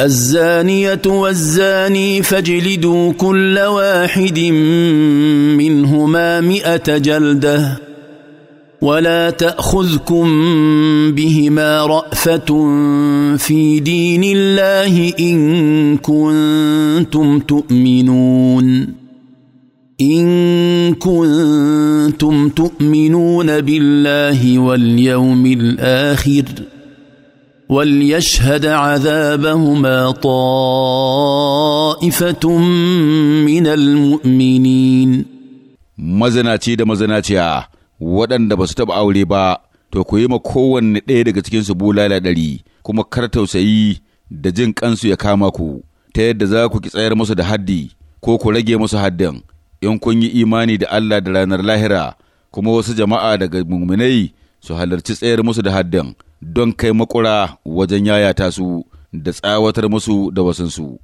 الزانية والزاني فاجلدوا كل واحد منهما مئة جلدة ولا تأخذكم بهما رأفة في دين الله إن كنتم تؤمنون إن كنتم تؤمنون بالله واليوم الآخر ۖ وليشهد عذابهما طائفة من المؤمنين mazinaci da mazinaciya waɗanda ba su taɓa aure ba to ku yi ma kowanne ɗaya daga cikinsu bulala ɗari kuma kar tausayi da jin ƙansu ya kama ku ta yadda za ku ki tsayar musu da haddi ko ku rage musu haddin in kun yi imani da Allah da ranar lahira kuma wasu jama'a daga muminai su halarci tsayar musu da haddan don kai makura wajen yayata su da tsawatar musu da wasansu.